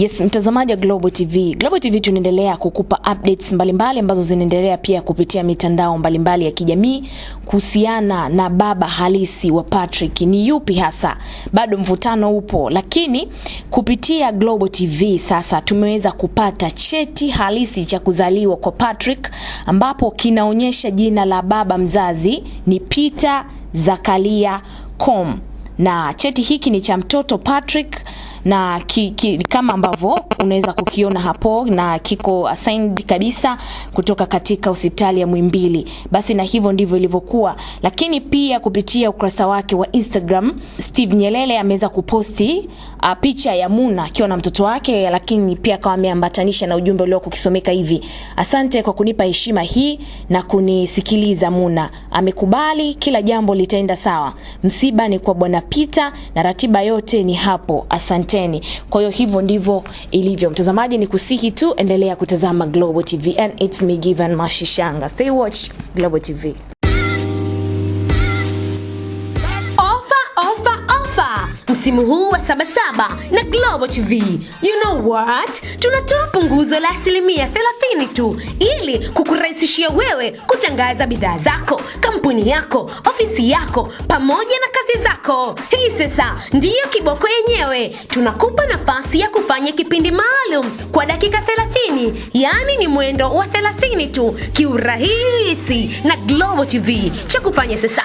Yes, mtazamaji wa Global TV. Global TV tunaendelea kukupa updates mbalimbali ambazo zinaendelea pia kupitia mitandao mbalimbali ya kijamii kuhusiana na baba halisi wa Patrick ni yupi hasa. Bado mvutano upo, lakini kupitia Global TV sasa tumeweza kupata cheti halisi cha kuzaliwa kwa Patrick ambapo kinaonyesha jina la baba mzazi ni Peter Zakaria Com na cheti hiki ni cha mtoto Patrick na ki, ki, kama ambavyo unaweza kukiona hapo, na kiko assigned kabisa kutoka katika hospitali ya Mwimbili. Basi na hivyo ndivyo ilivyokuwa, lakini pia kupitia ukurasa wake wa Instagram Steve Nyelele ameweza kuposti uh, picha ya Muna akiwa na mtoto wake, lakini pia akawa ameambatanisha na ujumbe ulio kukisomeka hivi: asante kwa kunipa heshima hii na kunisikiliza. Muna amekubali, kila jambo litaenda sawa. Msiba ni kwa Bwana Peter na ratiba yote ni hapo. Asante. Kapteni. Kwa hiyo hivyo ndivyo ilivyo, mtazamaji, ni kusihi tu endelea kutazama Global TV and it's me Given Mashishanga. Stay watch Global TV. msimu huu wa Sabasaba na Global TV. You know what? Tunatoa punguzo la asilimia 30 tu ili kukurahisishia wewe kutangaza bidhaa zako, kampuni yako, ofisi yako pamoja na kazi zako. Hii sasa ndiyo kiboko yenyewe. Tunakupa nafasi ya kufanya kipindi maalum kwa dakika 30, yaani ni mwendo wa 30 tu kiurahisi na Global TV. Cha kufanya sasa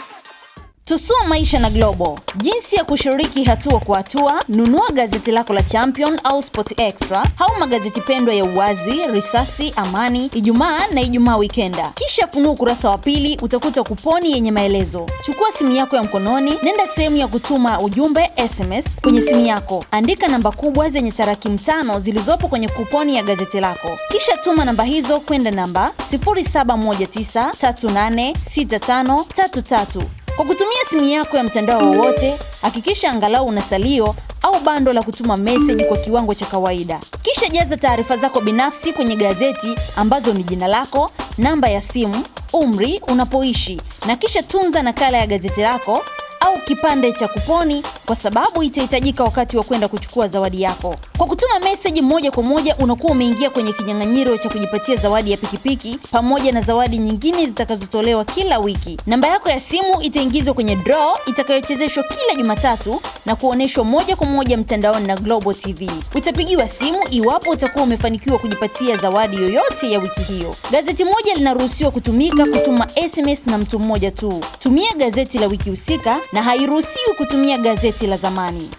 Tusua maisha na Globo. jinsi ya kushiriki hatua kwa hatua. Nunua gazeti lako la Champion au Sport Extra au magazeti pendwa ya Uwazi, Risasi, Amani, Ijumaa na Ijumaa Wikenda, kisha funua ukurasa wa pili, utakuta kuponi yenye maelezo. Chukua simu yako ya mkononi, nenda sehemu ya kutuma ujumbe SMS kwenye simu yako, andika namba kubwa zenye tarakimu tano zilizopo kwenye kuponi ya gazeti lako, kisha tuma namba hizo kwenda namba 0719386533 kwa kutumia simu yako ya mtandao wowote, hakikisha angalau una salio au bando la kutuma message kwa kiwango cha kawaida. Kisha jaza taarifa zako binafsi kwenye gazeti ambazo ni jina lako, namba ya simu, umri, unapoishi na kisha tunza nakala ya gazeti lako au kipande cha kuponi kwa sababu itahitajika wakati wa kwenda kuchukua zawadi yako. Kwa kutuma meseji moja kwa moja, unakuwa umeingia kwenye kinyang'anyiro cha kujipatia zawadi ya pikipiki pamoja na zawadi nyingine zitakazotolewa kila wiki. Namba yako ya simu itaingizwa kwenye draw itakayochezeshwa kila Jumatatu na kuonyeshwa moja kwa moja mtandaoni na Global TV. Utapigiwa simu iwapo utakuwa umefanikiwa kujipatia zawadi yoyote ya wiki hiyo. Gazeti moja linaruhusiwa kutumika kutuma SMS na mtu mmoja tu. Tumia gazeti la wiki husika na hairuhusiwi kutumia gazeti la zamani.